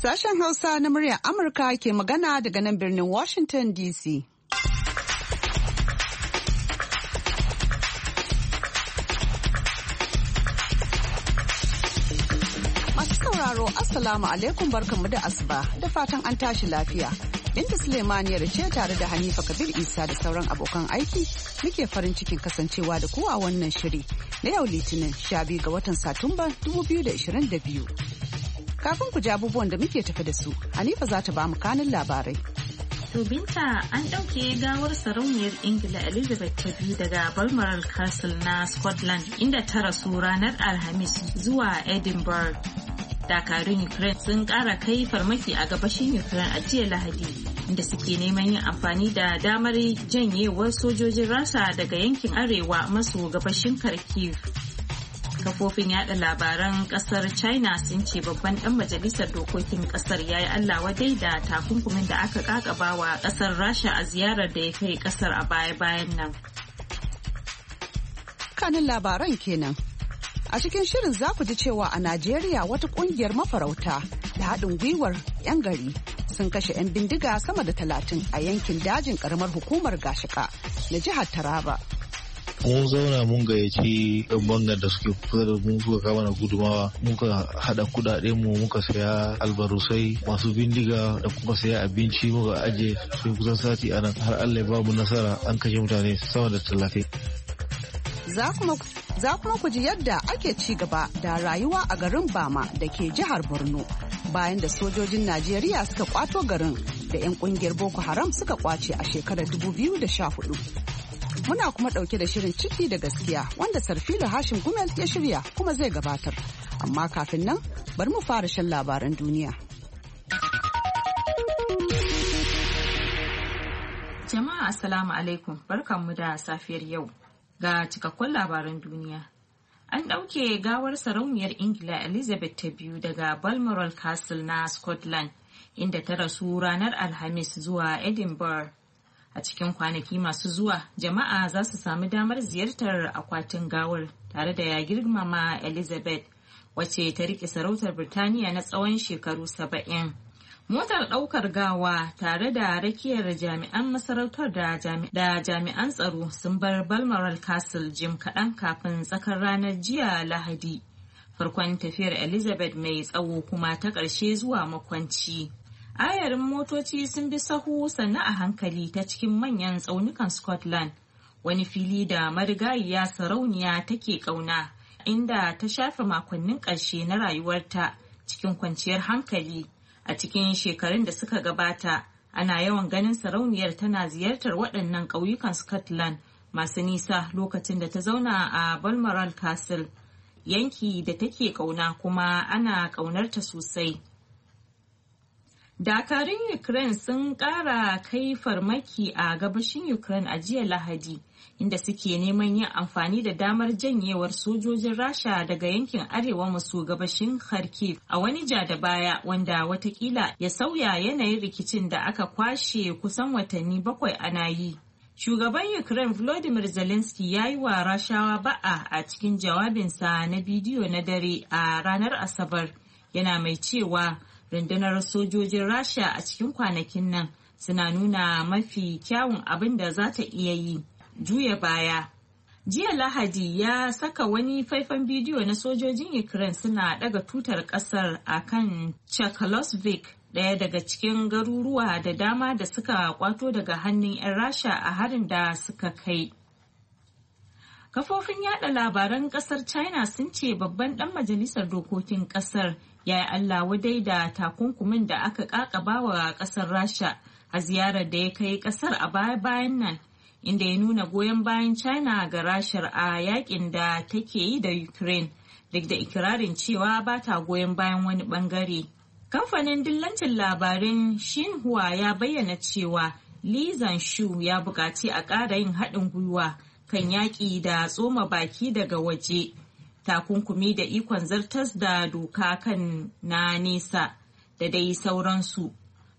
Sashen Hausa na muryar Amurka ke magana daga nan birnin Washington DC. Masu sauraro, Assalamu alaikum barkanmu da asuba da fatan an tashi lafiya. Suleiman Suleimaniyar ce tare da Hanifa Kabir Isa da sauran abokan aiki muke farin cikin kasancewa da kowa wannan shiri na yau Litinin 12 ga watan Satumba 2022. Kafin ku ji abubuwan da muke tafi da su, Hanifa za ta ba mu kanin labarai. To binta an ɗauke gawar sarauniyar Ingila Elizabeth ta biyu daga Balmoral Castle na Scotland inda ta rasu ranar Alhamis zuwa Edinburgh. dakarun ukraine sun kara kai farmaki a gabashin ukraine a jiya lahadi inda suke neman yin amfani da damar janyewar sojojin rasa daga yankin arewa maso gabashin kharkiv kafofin yada labaran kasar china sun ce babban dan majalisar dokokin kasar ya yi allah wadai da takunkumin da aka ƙaƙaba wa kasar rasha a ziyarar da ya kai kasar a baya-bayan nan kanin labaran kenan A cikin shirin za ku ji cewa a Najeriya wata kungiyar mafarauta da haɗin gwiwar 'yan gari sun kashe 'yan bindiga sama da talatin a yankin dajin karamar hukumar gashika na jihar Taraba. mun zauna mun gayyaci yan bangar da suke kusa da mun suka kama na gudumawa muka hada kudaden mu muka saya albarusai masu bindiga da kuma saya abinci muka ajiye sun kusan sati a nan har allah ya mu nasara an kashe mutane sama da talatin za kuma ku ji yadda ake ci gaba da rayuwa a garin Bama da ke jihar Borno bayan da sojojin Najeriya suka kwato garin da 'yan kungiyar Boko Haram suka kwace a shekarar 2014. Muna kuma ɗauke da shirin ciki da gaskiya wanda Sarfilo Hashim Gumel ya shirya kuma zai gabatar. Amma kafin nan bari mu fara shan labaran duniya. Jama'a Assalamu alaikum barkanmu da safiyar yau. ga cikakkun labaran duniya. An ɗauke gawar sarauniyar Ingila Elizabeth ta biyu daga Balmoral Castle na Scotland, inda ta rasu ranar Alhamis zuwa Edinburgh. A cikin kwanaki masu zuwa, jama'a za su sami damar ziyartar akwatin gawar tare da ya girmama Elizabeth, wacce ta riƙe sarautar Birtaniya na tsawon shekaru saba'in. motar ɗaukar gawa tare da rakiyar jami'an masarautar da jami'an tsaro sun bar balmoral castle jim kaɗan kafin tsakar ranar jiya lahadi farkon tafiyar elizabeth mai tsawo kuma ta ƙarshe zuwa makwanci ayarin motoci sun bi sahu sannu a hankali ta cikin manyan tsaunukan scotland wani fili da marigayiya sarauniya take ƙauna inda ta shafe makonnin ƙarshe na rayuwarta cikin kwanciyar hankali A cikin shekarun da suka gabata, ana yawan ganin sarauniyar tana ziyartar waɗannan ƙauyukan Scotland masu nisa lokacin da ta zauna a Balmoral Castle, yanki da take ƙauna kuma ana ƙaunarta sosai. Dakarun Ukraine sun ƙara kai farmaki a gabashin Ukraine a jiya Lahadi, inda suke neman yin amfani da damar janyewar sojojin rasha daga yankin arewa maso gabashin kharkiv a wani ja da baya wanda watakila ya sauya yanayin rikicin da aka kwashe kusan watanni bakwai ana yi shugaban ukraine volodymyr zelensky ya yi wa rashawa ba'a a cikin jawabinsa na bidiyo na dare a ranar asabar yana mai cewa rundunar sojojin rasha a cikin kwanakin nan suna nuna mafi kyawun abin da za ta iya yi juya baya. Jiya Lahadi ya saka wani faifan bidiyo na sojojin Ukraine suna daga tutar kasar a kan Chekhovsvik daya daga cikin garuruwa da dama da suka kwato daga hannun 'yan Rasha a harin da suka kai. Kafofin yada labaran kasar China sun ce babban dan majalisar dokokin kasar ya yi Allah wadai da takunkumin da aka kakaba wa kasar Rasha a ziyarar da ya kai kasar a baya-bayan nan inda ya nuna goyon bayan China ga rashar a yakin da take yi da Ukraine duk da ikirarin cewa ba ta goyon bayan wani bangare. Kamfanin dillancin labarin Xinhua ya bayyana cewa Li Shu ya buƙaci a ƙara yin haɗin gwiwa kan yaƙi da tsoma baki daga waje, takunkumi da ikon zartas da doka kan na nesa da dai sauransu.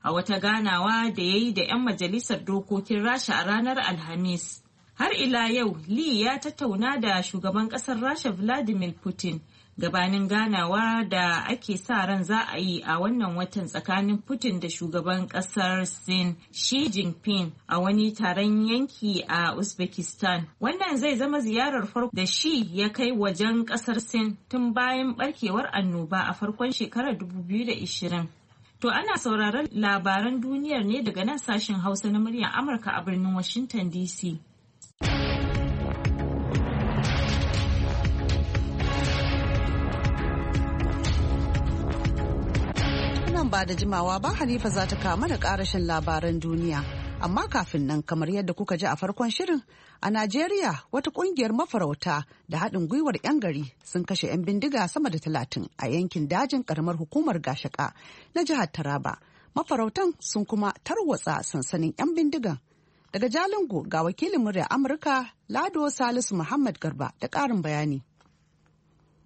a wata ganawa da ya yi da 'yan majalisar dokokin rasha a ranar alhamis har ila yau li ya tattauna da shugaban kasar rasha vladimir putin gabanin ganawa da ake sa ran za a yi a wannan watan tsakanin putin da shugaban kasar sin xi jinping a wani taron yanki a uzbekistan wannan zai zama ziyarar farko da shi ya kai wajen kasar sin tun bayan barkewar annoba a farkon shekarar 2020 To ana sauraron labaran duniyar ne daga nan sashen Hausa na muryar Amurka a birnin Washington DC. Nan ba da jimawa ba Halifa za ta kama da karashin labaran duniya. Amma kafin nan kamar yadda kuka ji a farkon shirin a Najeriya wata kungiyar mafarauta da haɗin gwiwar 'yan gari sun kashe 'yan bindiga sama da talatin a yankin dajin karamar hukumar gashaka na jihar Taraba. Mafarautan sun kuma tarwatsa sansanin 'yan bindigan. Daga Jalingo ga wakilin murya Amurka Lado Salisu Muhammad Garba da ƙarin bayani.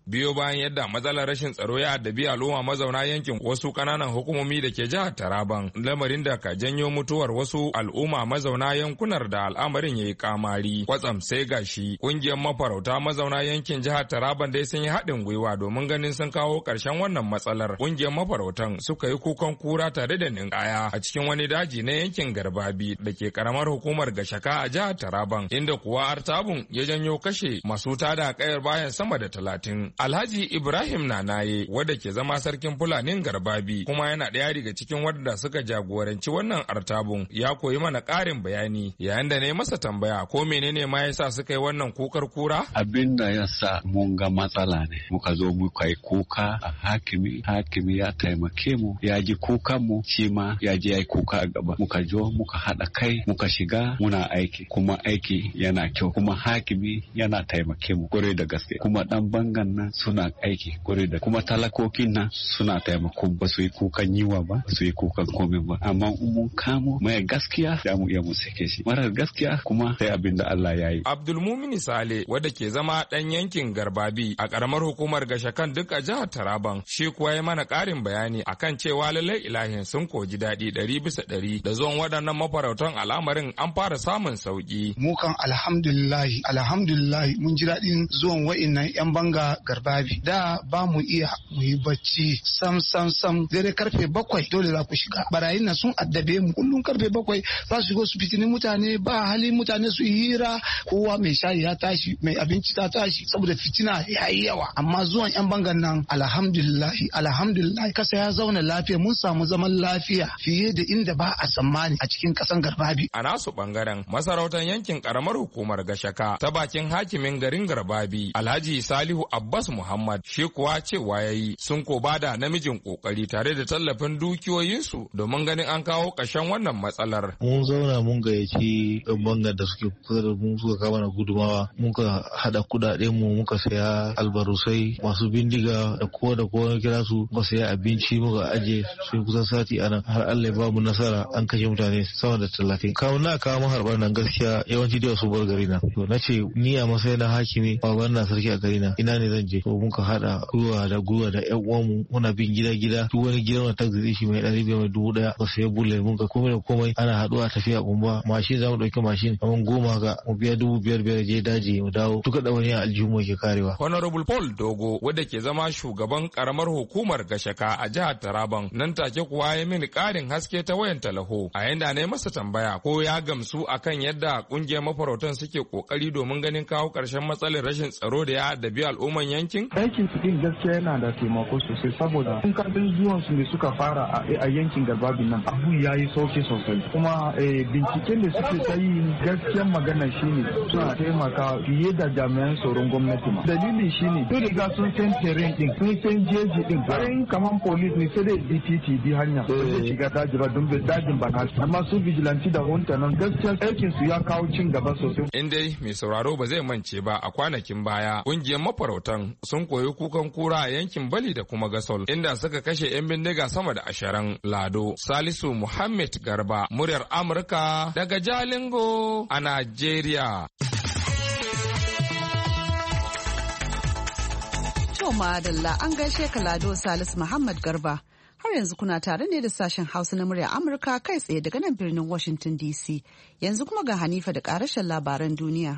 biyo bayan yadda matsalar rashin tsaro ya addabi al'umma mazauna yankin wasu kananan hukumomi da ke jihar Taraban lamarin da ka janyo mutuwar wasu al'umma mazauna yankunar da al'amarin ya yi kamari kwatsam sai gashi kungiyar mafarauta mazauna yankin jihar Taraban dai sun yi haɗin gwiwa domin ganin sun kawo ƙarshen wannan matsalar kungiyar mafarautan suka yi kukan kura tare da ninkaya a cikin wani daji na yankin Garbabi da ke karamar hukumar Gashaka a jihar Taraban inda kuwa artabun ya janyo kashe masu tada kayar bayan sama da talatin Alhaji Ibrahim Nanaye wadda ke zama sarkin Fulanin Garbabi kuma yana ɗaya daga cikin wadda suka jagoranci wannan artabun ya koyi mana ƙarin bayani yayin da na yi masa tambaya ko menene ma yasa suka yi wannan kukar kura? Abin da ya sa mun ga matsala ne muka zo muka yi kuka a hakimi hakimi ya taimake mu ya ji kukan mu shi ma ya ji ya yi kuka a gaba muka zo muka haɗa kai muka shiga muna aiki kuma aiki yana kyau kuma hakimi yana taimake mu Kure da gaske kuma ɗan bangan na nan suna aiki kwarai da kuma talakokin nan suna taimako ba su yi kukan yiwa ba su yi kukan komai ba amma mun kamo mai gaskiya da mu iya mu sake shi marar gaskiya kuma sai abin da Allah ya yi. Abdulmumin Sale wanda ke zama dan yankin Garbabi a karamar hukumar Gashakan duk a jihar Taraban shi kuwa ya mana karin bayani akan cewa lallai ilahin sun koji daɗi ɗari bisa ɗari da zuwan waɗannan mafarautan al'amarin an fara samun sauƙi. Mu kan alhamdulillahi alhamdulillahi mun ji daɗin zuwan wa'innan 'yan banga garbabi da ba mu iya mu yi bacci sam sam sam dare karfe bakwai dole za ku shiga barayin na sun addabe mu kullum karfe bakwai za su shigo su fitini mutane ba hali mutane su hira kowa mai shayi ya tashi mai abinci ta tashi saboda fitina ya yi yawa amma zuwan yan bangan nan alhamdulillahi alhamdulillahi kasa ya zauna lafiya mun samu zaman lafiya fiye da inda ba a tsammani a cikin kasan garbabi a nasu bangaren masarautar yankin karamar hukumar gashaka ta bakin hakimin garin garbabi alhaji salihu abbas Ilyasu Muhammad shi kuwa cewa ya yi sun ko bada namijin kokari tare da tallafin dukiyoyinsu domin ganin an kawo ƙarshen wannan matsalar. Mun zauna mun gayyaci ɗan bangar da suke kusa da mu suka kama na gudumawa muka haɗa kuɗaɗen mu muka saya albarusai masu bindiga da kowa da kowa kira su muka saya abinci muka ajiye sun kusan sati anan har Allah ya bamu nasara an kashe mutane sama da talatin. Kawun na kawo harbar nan gaskiya yawanci da su bar gari na. To na ce ni a matsayin hakimi ba na sarki a gari na ina ne zan je. waje to muka hada gwiwa da gwiwa da ƴan uwanmu muna bin gida gida duk wani gida wani taxi shi mai ɗari biyar mai dubu ɗaya ba sai bullet mun ka komai da komai ana haɗuwa tafiya kumba mashin za mu ɗauki mashin kamar goma ga mu biya dubu biyar biyar je daji mu dawo duka da wani aljihu ke karewa. Honorable Paul Dogo wadda ke zama shugaban karamar hukumar Gashaka a jihar Taraban nan take kuwa ya mini karin haske ta wayan talaho a yanda yi masa tambaya ko ya gamsu akan yadda kungiyar mafarautan suke kokari domin ganin kawo karshen matsalar rashin tsaro da ya addabi al'umman yankin? Aikin su din gaskiya yana da taimako sosai saboda in ka zuwan su ne suka fara a yankin garbabin nan abu ya yi sauki sosai kuma eh, binciken da suke ta yi gaskiyan magana shi ne suna taimaka fiye da jami'an tsaron gwamnati ma. Dalilin shi ne. sun riga sun san terrain din sun san jeji din bayan kaman police ne sai dai DTT bi hanya ko zai eh. shiga daji ba don dajin ba amma su vigilanti da hunta nan gaskiya aikin su ya kawo cin gaba sosai. In dai mai sauraro ba zai mance ba a kwanakin baya kungiyar mafarautan sun koyi kukan kura a yankin Bali da kuma Gasol inda suka kashe 'yan bindiga sama da ashirin Lado. Salisu Muhammad Garba muryar Amurka daga Jalingo a Najeriya. To madalla an gaishe ka Lado Salisu Muhammad Garba. har yanzu kuna tare ne da sashen hausa na murya amurka kai tsaye daga nan birnin washington dc yanzu kuma ga hanifa da karashen labaran duniya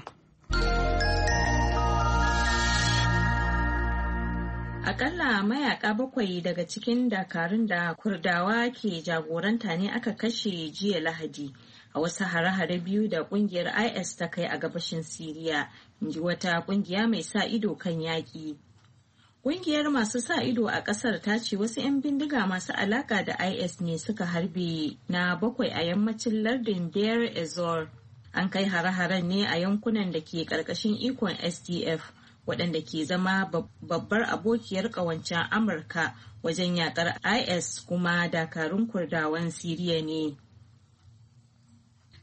Akalla mayaka bakwai daga cikin dakarun da Kurdawa ke jagoranta ne aka kashe jiya Lahadi a wasu hare-hare biyu da kungiyar IS ta kai a gabashin Siriya, inji wata kungiya mai sa ido kan yaƙi. Kungiyar masu sa ido a ƙasar ta ce wasu 'yan bindiga masu alaƙa da IS ne suka harbe na bakwai a yammacin lardin Deir Ezor. An kai hare-haren ne a yankunan da ke ƙarƙashin ikon SDF. waɗanda ke zama babbar abokiyar ƙawancen amurka wajen yakar is kuma dakarun kurdawan siriya ne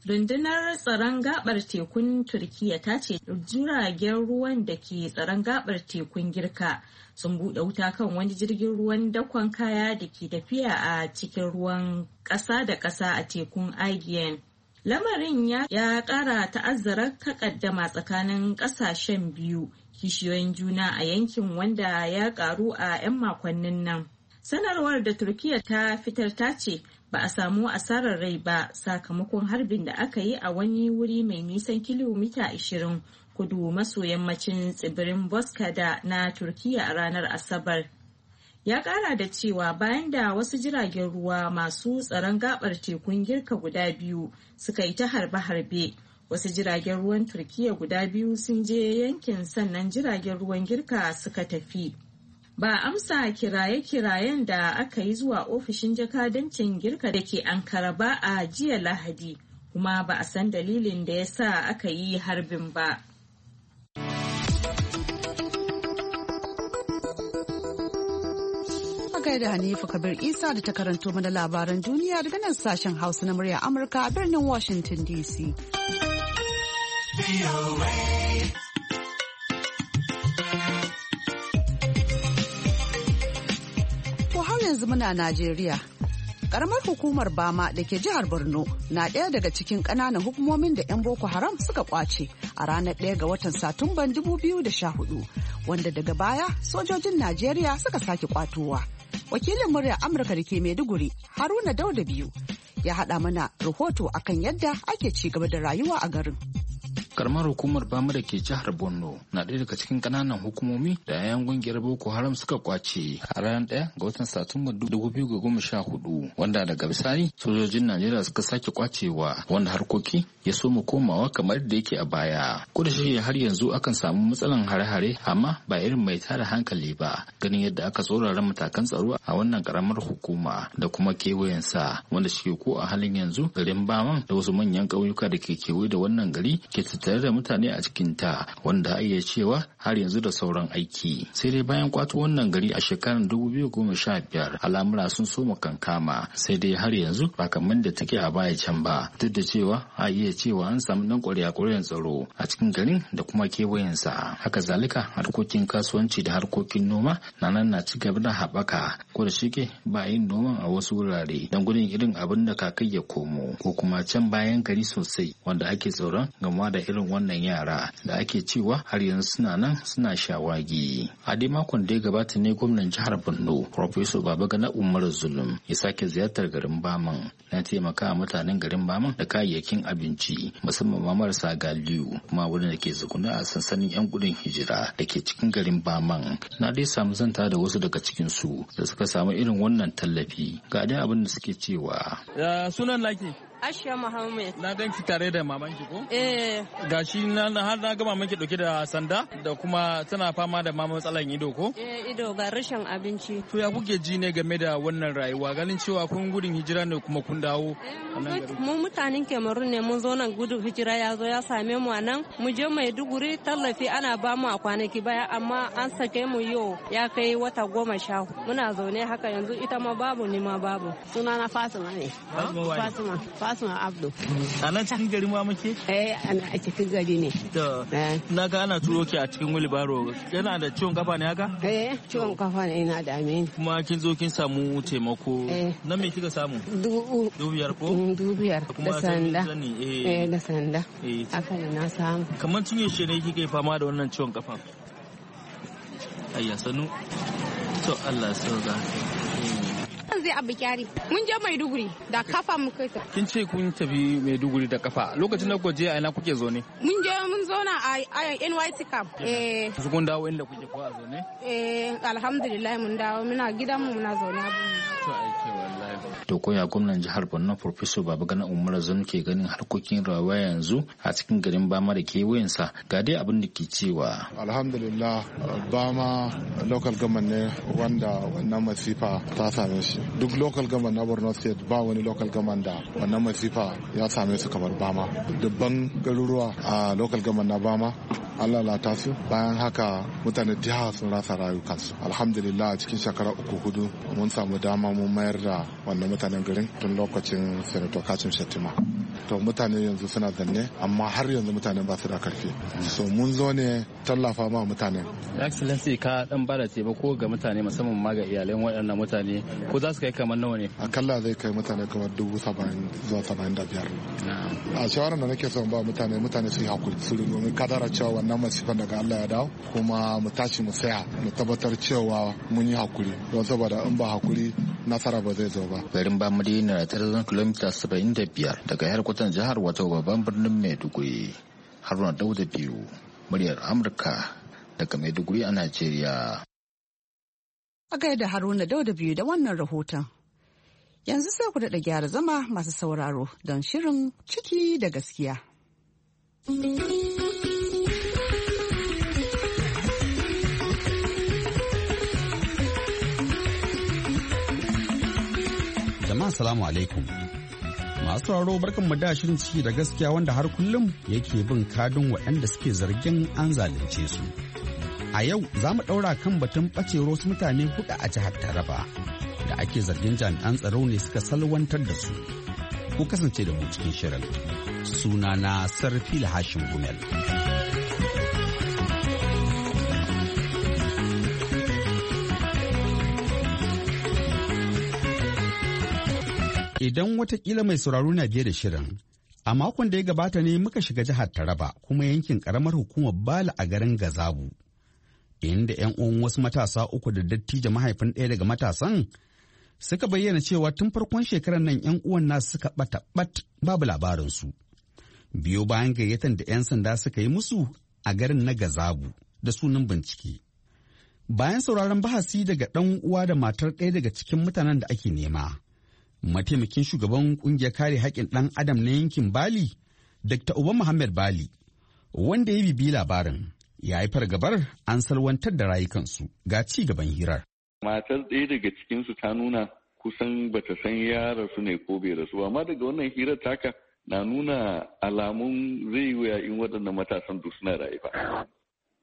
rundunar tsaron gabar tekun turkiya ta ce jiragen ruwan da ke tsaron gabar tekun girka sun buɗe wuta kan wani jirgin ruwan dakon kaya da ke tafiya a cikin ruwan ƙasa da ƙasa a tekun aegean lamarin ya ƙara ta'azzara takaddama tsakanin ƙasashen biyu kishiyoyin juna a yankin wanda ya karu a 'yan makonnin nan. Sanarwar da Turkiyya ta fitar ta ce ba a samu asarar rai ba sakamakon harbin da aka yi a wani wuri mai nisan kilomita 20 kudu maso yammacin tsibirin Boskada na Turkiyya a ranar Asabar. ya kara da cewa bayan da wasu jiragen ruwa masu tsaron gabar tekun girka guda biyu suka yi ta harbe-harbe wasu jiragen ruwan turkiya guda biyu sun je yankin sannan jiragen ruwan girka suka tafi ba amsa kiraye-kirayen da aka yi zuwa ofishin jakadancin girka da ke ankara ba a jiya lahadi kuma ba a san dalilin da ya sa aka yi harbin ba kai da Hanifa Kabir Isa da ta karanto mana labaran duniya daga nan sashen Hausa na murya Amurka a birnin Washington DC. To har yanzu muna Najeriya. ƙaramar hukumar Bama da ke jihar Borno na ɗaya daga cikin ƙananan hukumomin da 'yan Boko Haram suka ƙwace a ranar ɗaya ga watan Satumban 2014 wanda daga baya sojojin Najeriya suka sake ƙwatowa. Wakilin murya Amurka da ke Maiduguri Haruna Dauda biyu ya haɗa mana rahoto akan yadda ake ci gaba da rayuwa a garin. karamar hukumar bama da ke jihar borno na ɗaya daga cikin ƙananan hukumomi da 'ya'yan ƙungiyar boko haram suka kwace a ranar ɗaya ga watan satumba Sha hudu, wanda daga bisani sojojin najeriya suka sake kwacewa wanda harkoki ya so mu komawa kamar da yake a baya ko da shi har yanzu akan samu matsalan hare-hare amma ba irin mai tara hankali ba ganin yadda aka tsorara matakan tsaro a wannan karamar hukuma da kuma kewayensa wanda shi ko a halin yanzu garin baman da wasu manyan ƙauyuka da ke kewaye da wannan gari ke Tare da mutane a cikin ta wanda iya cewa har yanzu da sauran aiki sai dai bayan kwato wannan gari a shekarar biyar, al'amura sun so soma kankama sai dai har yanzu ba kamar da take a baya can ba duk da cewa a iya cewa an samu dan kwarya kwaryan tsaro a cikin garin da kuma kewayensa haka zalika harkokin kasuwanci da harkokin noma na nan na ci gaba da haɓaka ko da shike ba yin noman a wasu wurare don gudun irin abin da kakai ya komo ko kuma can bayan gari sosai wanda ake tsoron gama da irin wannan yara da ake cewa har yanzu suna nan suna shawagi a dai makon da ya gabata ne gwamnan jihar borno professor babagana umar zulum ya sake ziyartar garin baman na taimaka mutanen garin baman da kayayyakin abinci musamman ma marasa galiyu kuma wurin da ke zuguna a sansanin yan gudun hijira da ke cikin garin baman na dai samu zanta da wasu daga cikin su da suka samu irin wannan tallafi ga dai abin da suke cewa sunan laki Asha Muhammad. Na danki tare da mamanki ko? Eh. Gashi na har na ga mamanki dauke da sanda da kuma tana fama da ma matsalan ido ko? Eh ido ga rashin abinci. To ya kuke ji ne game da wannan rayuwa ganin cewa kun gudun hijira ne kuma kun dawo? Eh, mu mutanen Cameroon ne mun zo nan gudun hijira ya zo ya same mu anan nan mu je Maiduguri tallafi ana ba mu a kwanaki baya amma an sake mu yau ya kai wata goma sha muna zaune haka yanzu ita ma babu ni ma babu. Sunana Fatima ne. Fatima. asma abdu a nan cikin gari ma muke eh a cikin gari ne to eh. na ga ana turo ki a cikin wilbaro yana da ciwon kafa ne haka eh ciwon kafa ne ina da amin kuma kin zo kin samu taimako eh. na me kika samu dubu biyar ko mm, dubu biyar da sanda eh. eh da sanda haka ne na samu kamar cinye yaushe ne kike fama da wannan ciwon kafa ayya sanu to Allah ya sauka zai abu kyari mun je maiduguri da kafa mu kai kin ce kun tafi maiduguri da kafa lokacin da gwaje a ina kuke zo ne mun je mun zauna na a NYT camp eh su kun dawo inda kuke ko a zo ne eh alhamdulillah mun dawo muna gidan mu muna zo na abu to ai ke wallahi To koya gwamnan jihar Borno Professor Babagana Umar Zan ke ganin harkokin rayuwa yanzu a cikin garin Bama da kewayensa ga dai abin da ke cewa. Alhamdulillah Bama local government wanda wannan masifa ta same shi. Duk local government na Borno State ba wani local government da wannan masifa ya same su kamar Bama. Dubban garuruwa a local government na Bama an lalata su bayan haka mutane jiha sun rasa rayukansu alhamdulillah cikin shekara uku hudu mun samu dama mun mayar da wannan mutanen garin tun lokacin senator kacin shatima to mutane yanzu suna zanne amma har yanzu mutane ba su da karfi so mun zo ne tallafa ma mutane excellency ka dan bada taimako ga mutane musamman ma ga iyalan waɗannan mutane ko za su kai kamar nawa ne akalla zai kai mutane kamar dubu saba'in zuwa saba'in da biyar a shawarar da nake son ba mutane mutane su yi hakuri su domin kadara cewa wannan masifan daga Allah ya dawo kuma mu tashi mu saya mu tabbatar cewa mun yi hakuri don saboda in ba hakuri nasara ba zai zo ba. Garin Bamadi na tarzan kilomita saba'in da biyar daga harkutan jihar wato babban birnin Maiduguri. Haruna Dauda biyu muryar Amurka daga Maiduguri a Najeriya. A gaida Haruna Dauda biyu da wannan rahoton. Yanzu sai ku daɗa gyara zama masu sauraro don shirin ciki da gaskiya. jama'a salamu alaikum masu sauraro barkan mu da shirin ciki da gaskiya wanda har kullum yake bin kadin waɗanda suke zargin an zalunce su a yau za mu ɗaura kan batun ɓacewar wasu mutane huɗu a jihar taraba da ake zargin jami'an tsaro ne suka salwantar da su ku kasance da mu cikin shirin sunana sarfi hashin gumel. Idan watakila mai sauraro na biye da shirin, a makon da ya gabata ne muka shiga jihar Taraba kuma yankin karamar hukumar Bala a garin Gazabu. Inda 'yan uwan wasu matasa uku da dattijo mahaifin ɗaya daga matasan suka bayyana cewa tun farkon shekarar nan 'yan uwan nasu suka ɓata ɓat babu labarinsu. Biyo bayan gayyatan da 'yan sanda suka yi musu a garin na Gazabu da sunan bincike. Bayan sauraron bahasi daga ɗan uwa da matar ɗaya daga cikin mutanen da ake nema, mataimakin shugaban kungiyar kare haƙƙin ɗan adam na yankin bali dr uba muhammad bali wanda ya bibi labarin ya yi fargabar an salwantar da rayukansu ga ci gaban hirar matar ɗaya daga cikinsu ta nuna kusan bata san ya rasu ne ko bai rasu amma daga wannan hirar taka na nuna alamun zai yi wuya in waɗannan matasan duk suna rayuwa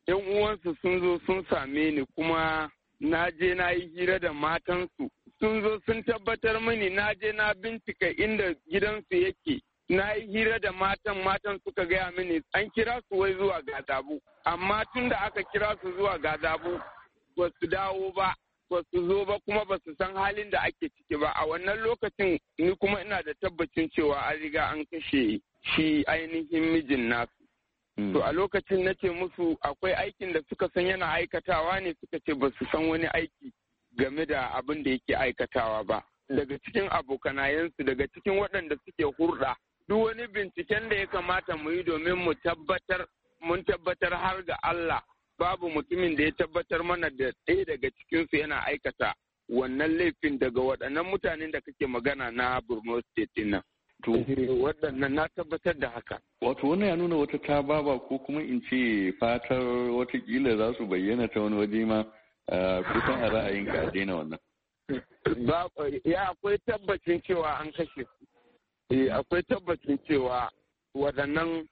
yan uwansu sun zo sun same ni kuma na je na yi hira da matansu sun zo sun tabbatar mini na je na bincika inda gidansu yake na yi hira da matan matan suka gaya mini an kira su wai zuwa gazabu amma tun da aka kira su zuwa gazabu ba su dawo ba ba su zo ba kuma ba su san halin da ake ciki ba a wannan lokacin ni kuma ina da tabbacin cewa an riga an kashe shi ainihin mijin nasu To mm. a lokacin nace musu akwai aikin da suka san yana aikatawa ne suka ce ba su san wani aiki game da abin da yake aikatawa ba. Mm. Daga cikin abokanayensu daga cikin waɗanda suke hurɗa duk wani binciken da ya kamata mu yi domin mu tabbatar mun tabbatar har ga Allah babu mutumin da ya tabbatar mana da ɗaya daga cikinsu yana aikata wannan laifin daga waɗannan mutanen da kake magana na Borno State nan. To eh, waɗannan na tabbatar da haka. Wato wannan ya nuna wata ta baba ko kuma in ce fatar watakila za su bayyana ta wani waje ma kusan a ra'ayin ka daina wannan. Ya akwai tabbacin cewa an kashe eh, Akwai tabbacin cewa waɗannan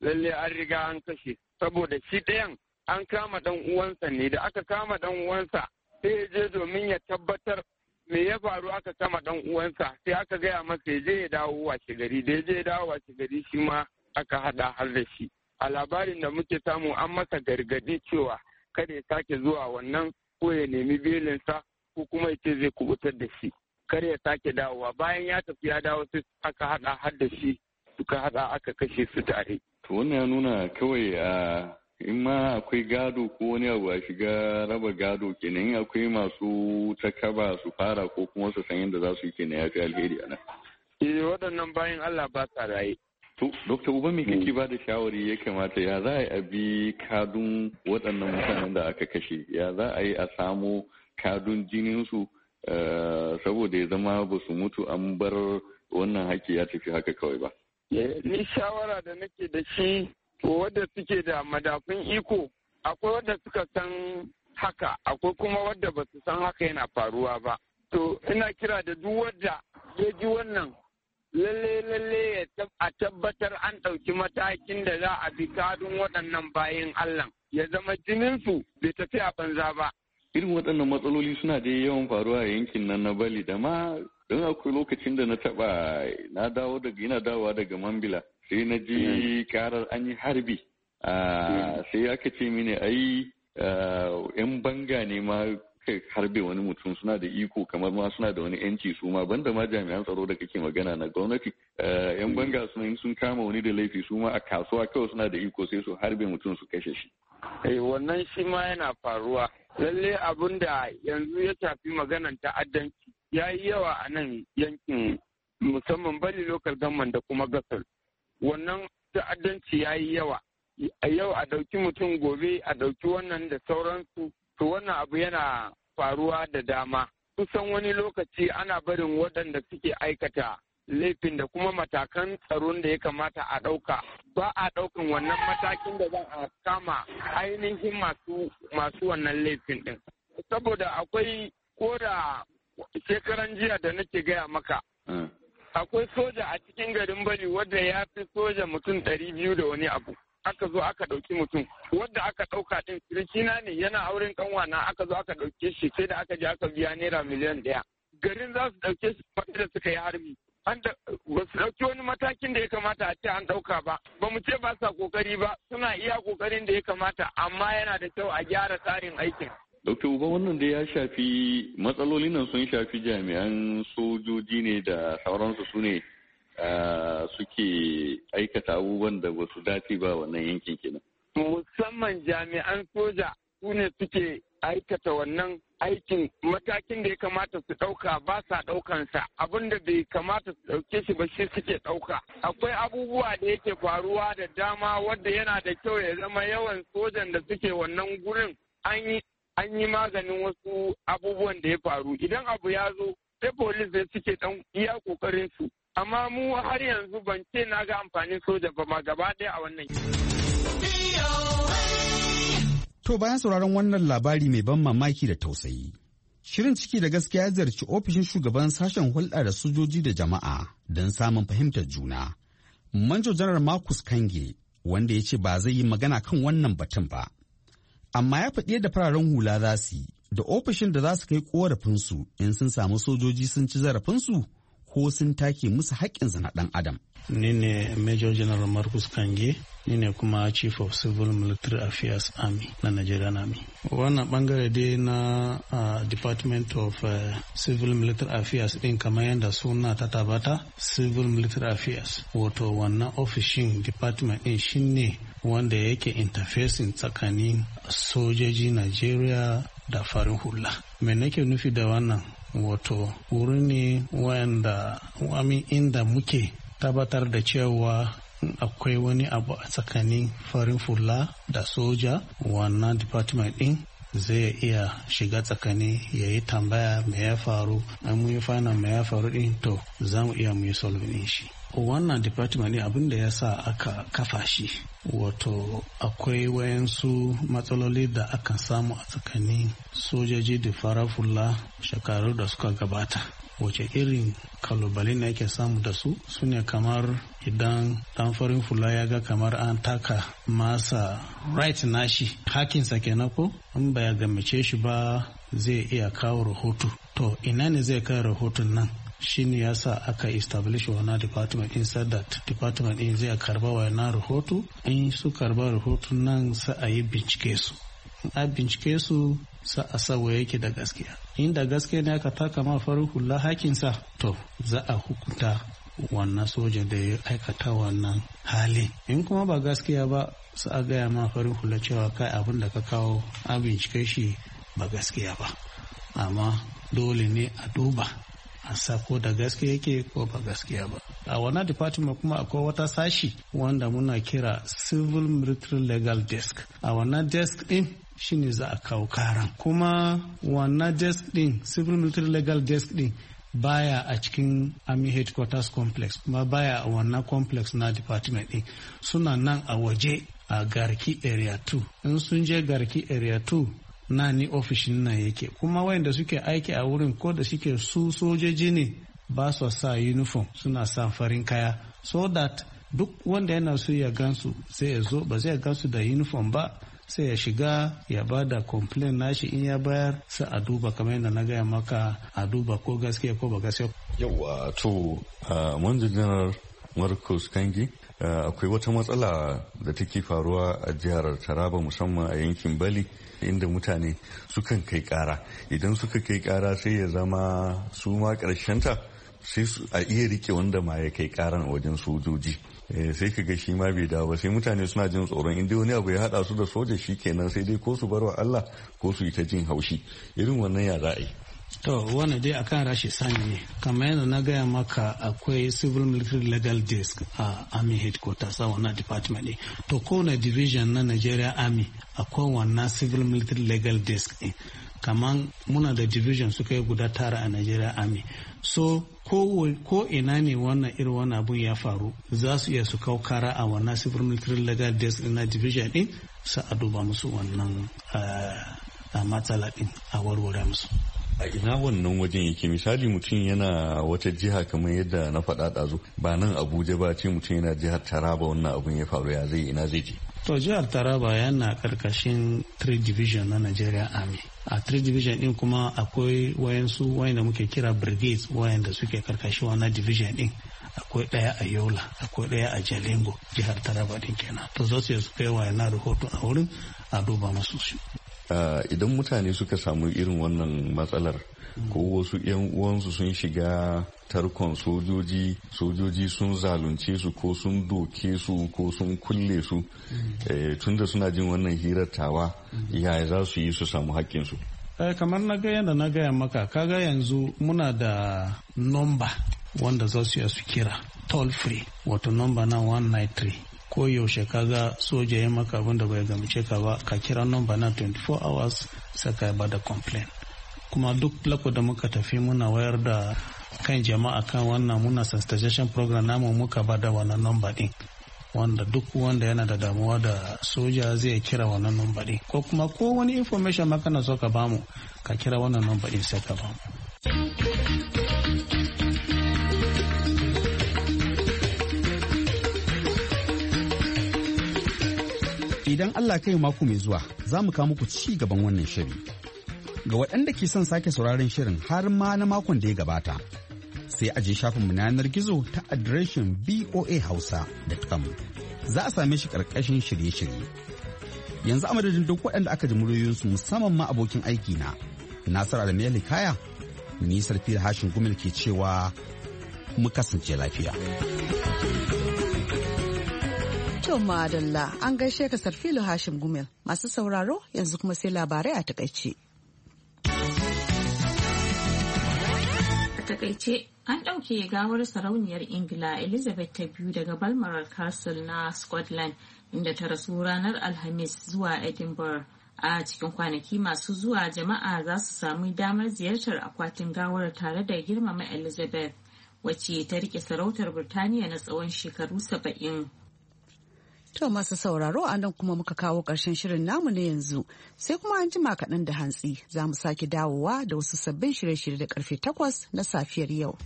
lalle an riga an kashe saboda shi ɗayan an kama ɗan uwansa ne da aka kama ɗan uwansa sai ya je domin ya tabbatar me ya faru aka kama dan uwansa sai aka gaya masa ya je ya dawo washe gari da ya je ya dawo washe gari shi ma aka hada har da shi a labarin da muke samu an masa gargadi cewa kada ya sake zuwa wannan ko ya nemi belinsa ko kuma ya ce zai kubutar da shi kar ya sake dawowa bayan ya tafi ya dawo sai aka hada har da shi suka hada aka kashe su tare to wannan ya nuna kawai ah, in ma akwai gado ko wani abu a shiga raba gado kenan akwai masu takaba su fara ko kuma su san yadda za su yi kenan ya fi alheri a nan. Eh waɗannan bayan Allah ba sa raye. To, Dokta Uba me kake ba da shawari ya kamata ya za a bi kadun waɗannan mutanen da aka kashe ya za a yi a samo kadun su eh, saboda ya zama ba su mutu an bar wannan haƙƙi ya tafi haka kawai ba. Eh, ni shawara da nake da shi to wadda suke da madafun iko akwai wadda suka san haka akwai kuma wadda ba su san haka yana faruwa ba to ina kira da duk wadda ya ji wannan lalle lalle a tabbatar an ɗauki matakin da za a bi kadun waɗannan bayan allah ya zama jininsu bai tafi a banza ba irin waɗannan matsaloli suna da yawan faruwa a yankin nan na bali da ma don akwai lokacin da na taɓa na dawo daga yana dawowa daga mambila sai na ji eh. karar an yi harbi ah, eh. sai aka ce mini ai ah, yan banga ne ma kai harbe wani mutum suna da iko kamar ma suna da wani yanci su ma ban da ma jami'an tsaro da kake magana na gwamnati ah, yan eh. banga sun sun kama wani da laifi su ma a kasuwa kawai suna da iko sai su harbe mutum su kashe shi wannan shi ma yana faruwa lalle abun da yanzu ya shafi maganan ta'addanci ya yi yawa a nan yankin musamman bali lokal gamman da kuma gasar wannan ta'addanci ya yi yawa a yau a ɗauki mutum gobe a ɗauki wannan da sauransu to wannan abu yana faruwa da dama kusan wani lokaci ana barin waɗanda suke aikata laifin da kuma matakan tsaron da ya kamata a ɗauka ba a ɗaukan wannan matakin da za a kama ainihin masu masu wannan laifin ɗin saboda akwai ko da shekaran jiya da nake gaya maka akwai soja a cikin garin bali, wadda ya fi soja mutum ɗari biyu da wani abu aka zo aka ɗauki mutum wadda aka ɗauka ɗin sirikina ne yana auren ƙanwana aka zo aka ɗauke shi sai da aka je aka biya naira miliyan ɗaya garin za su ɗauke shi da suka yi harbi ba su ɗauki wani matakin da ya kamata a ce an ɗauka ba ba mu ce ba sa ƙoƙari ba suna iya ƙoƙarin da ya kamata amma yana da kyau a gyara tsarin aikin Dauke uba wannan da ya shafi matsalolin nan sun shafi jami'an sojoji ne da sauransu su ne suke aikata abubuwan da ba su dace ba wannan yankin kenan. Musamman jami'an soja su ne suke aikata wannan aikin matakin da ya kamata su ɗauka ba sa ɗaukansa abin da bai kamata su ɗauke shi ba shi suke ɗauka akwai abubuwa da yake faruwa da dama wadda yana da kyau ya zama yawan sojan da suke wannan gurin an yi an yi maganin wasu abubuwan da ya faru idan abu ya zo sai polis da suke dan iya kokarin su amma mu har yanzu ban ce na ga amfanin soja ba ma gaba ɗaya a wannan To bayan sauraron wannan labari mai ban mamaki da tausayi. Shirin ciki da gaskiya ya zarci ofishin shugaban sashen hulɗa da sojoji da jama'a don samun fahimtar juna. Manjo janar Marcus Kange wanda ya ce ba zai yi magana kan wannan batun ba. amma ya faɗi yadda fararen hula za su yi da ofishin da za su kai korafinsu in sun samu sojoji sun ci zarafinsu ko sun take musu haƙƙinsu na ɗan adam. Ni ne Major General Marcus Kange ni ne kuma chief of civil military affairs army na nigerian army wannan bangare dai na uh, department of uh, civil military affairs din kamar yadda suna ta tabata civil military affairs wato wannan ofishin department din shine wanda yake interfacing tsakanin sojoji nigeria da farin hula me nake nufi da wannan wato wuri ne wanda wami inda muke tabbatar da cewa akwai wani abu a tsakanin farin fula da soja wannan department din zai iya shiga tsakani ya yi tambaya mai ya faru an mu yi fana me ya faru din to za mu iya muyi yi shi wannan department din abin da ya sa aka kafa shi wato akwai wayansu matsaloli da aka samu a tsakanin sojoji da fulla shekaru da suka gabata wace irin kalubale ne ake samu da su sune kamar idan dan farin fula ya ga kamar an taka masa right nashi hakinsa kenan ko in ba ya gamace shi ba zai iya kawo rahoto to ina ne zai kai rahoton nan shine ya sa aka establish wana department in said that department in zai karba wana rahoto in su karba rahoton nan sai a yi bincike su a bincike su sa a sauwa yake da gaskiya inda gaskiya ne aka taka ma farin hula hakinsa to za a hukunta wannan soja da ya aikata wannan hali in kuma ba gaskiya ba su a gaya ma farin hula cewa kai abin da ka kawo a bincike shi ba gaskiya ba amma dole ne a duba a sa ko da gaskiya yake ko ba gaskiya ba a wannan department kuma akwai wata sashi wanda muna kira civil military legal desk a wannan desk din shine za a kawo karan kuma wannan desk din civil military legal desk din baya a cikin army headquarters complex kuma baya a wannan complex na department din suna nan a waje a garki area 2 in sun je garki area 2 na ni ofishin nan yake kuma wayanda suke aiki a wurin ko da suke su sojoji ne ba su sa uniform suna sa farin kaya so that duk wanda yana so ya gansu sai ya zo ba zai gansu da uniform ba sai ya shiga ya ba da complain nashi in ya bayar sai a duba kamar yadda na gaya maka a duba ko gaskiya ko ba gaskiya. Yawwa to manjinar Marcus Kangi akwai wata matsala da take faruwa a jihar Taraba musamman a yankin Bali inda mutane sukan kai kara idan suka kai kara sai ya zama su ma ta sai a iya rike wanda ma ya kai karan wajen sojoji Eh, sai ka ga shi ma bai dawo ba sai mutane suna jin tsoron inda wani abu ya hada su da soja shi kenan sai dai ko su bar wa Allah ko su yi ta jin haushi irin wannan ya za a yi to wani dai akan rashi sani ne kamar yadda na gaya maka akwai civil military legal desk a army headquarters a wannan department ne to kowane division na nigeria army akwai wannan civil military legal desk ne kamar muna da division suka yi guda tara a nigeria army so ko ina ne wannan irin wani abun ya faru za su iya su kara a wannan civil military legal desk na division din sa a duba musu wannan eh, matsala din a warware musu a ina wannan wajen yake misali mutum yana wata jiha kamar yadda na faɗa ɗazu ba nan abuja ba ce mutum yana jihar taraba wannan abun ya faru ya zai ina zai je To jihar Taraba yana karkashin 3 division na Nigeria Army. A 3 division din kuma akwai wayansu wayanda muke kira brigades wayanda suke karkashin wannan division din. Akwai ɗaya a Yola, akwai ɗaya a Jalingo, jihar Taraba din kenan. To za su kai na rahoto a wurin a duba masu su. Ah, idan mutane suka samu irin wannan matsalar ko wasu 'yan uwansu sun shiga tarkon sojoji sojoji sun zalunce su ko sun doke su ko sun kulle su mm. eh, tunda suna jin wannan hirattawa mm. yaya za su yi su samu haƙƙinsu eh, kamar na gaya da na gaya maka kaga yanzu muna da nomba wanda za su su kira toll free wato nomba na 193 ko yaushe kaga soja ya maka abinda bai gamace ka ba ka kira nomba na 24 hours saka ba da complain kuma duk lako da muka tafi muna wayar da kan jama'a kan wannan muna sensitization program namu muka ba da wannan namba din wanda duk wanda yana da damuwa da soja zai kira wannan number din ko kuma ko wani information ma kana so ka bamu ka kira wannan number din sai ka bamu idan Allah kai mako mai zuwa za mu kawo muku ci gaban wannan shiri Ga waɗanda ke son sake sauraron shirin har ma na makon da ya gabata. Sai a je shafinmu na yanar gizo ta adireshin voahausa.com. Za a same shi ƙarƙashin shirye-shirye. Yanzu a madadin duk waɗanda aka ji muryoyinsu musamman ma abokin aiki na. Nasara da Meli Kaya, nisar fil hashin gumil ke cewa mu kasance lafiya. To madalla an gaishe ka Sarfilu Hashim Gumel masu sauraro yanzu kuma sai labarai a takaice. takaice an ɗauke gawar sarauniyar ingila elizabeth ta biyu daga balmoral castle na scotland inda ta rasu ranar alhamis zuwa edinburgh a cikin kwanaki masu zuwa jama'a za su sami damar ziyartar akwatin gawar tare da girmama elizabeth wacce ta rike sarautar birtaniya na tsawon shekaru saba'in To masu sauraro a nan kuma muka kawo ƙarshen shirin namu na yanzu sai kuma an jima kaɗan da hantsi za mu sake dawowa da wasu sabbin shirye-shirye da karfe takwas na safiyar yau.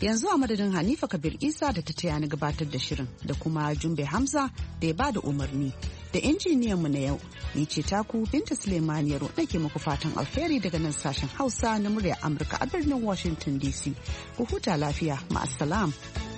Yanzu a madadin Hanifa Kabir Isa da ta taya ni gabatar da shirin da kuma Jumbe Hamza da ya bada umarni da injiniyan mu na yau ni ce taku Binta Suleiman Yaro nake muku fatan alheri daga nan sashen Hausa na muryar Amurka a birnin Washington DC. Ku huta lafiya ma'asalam.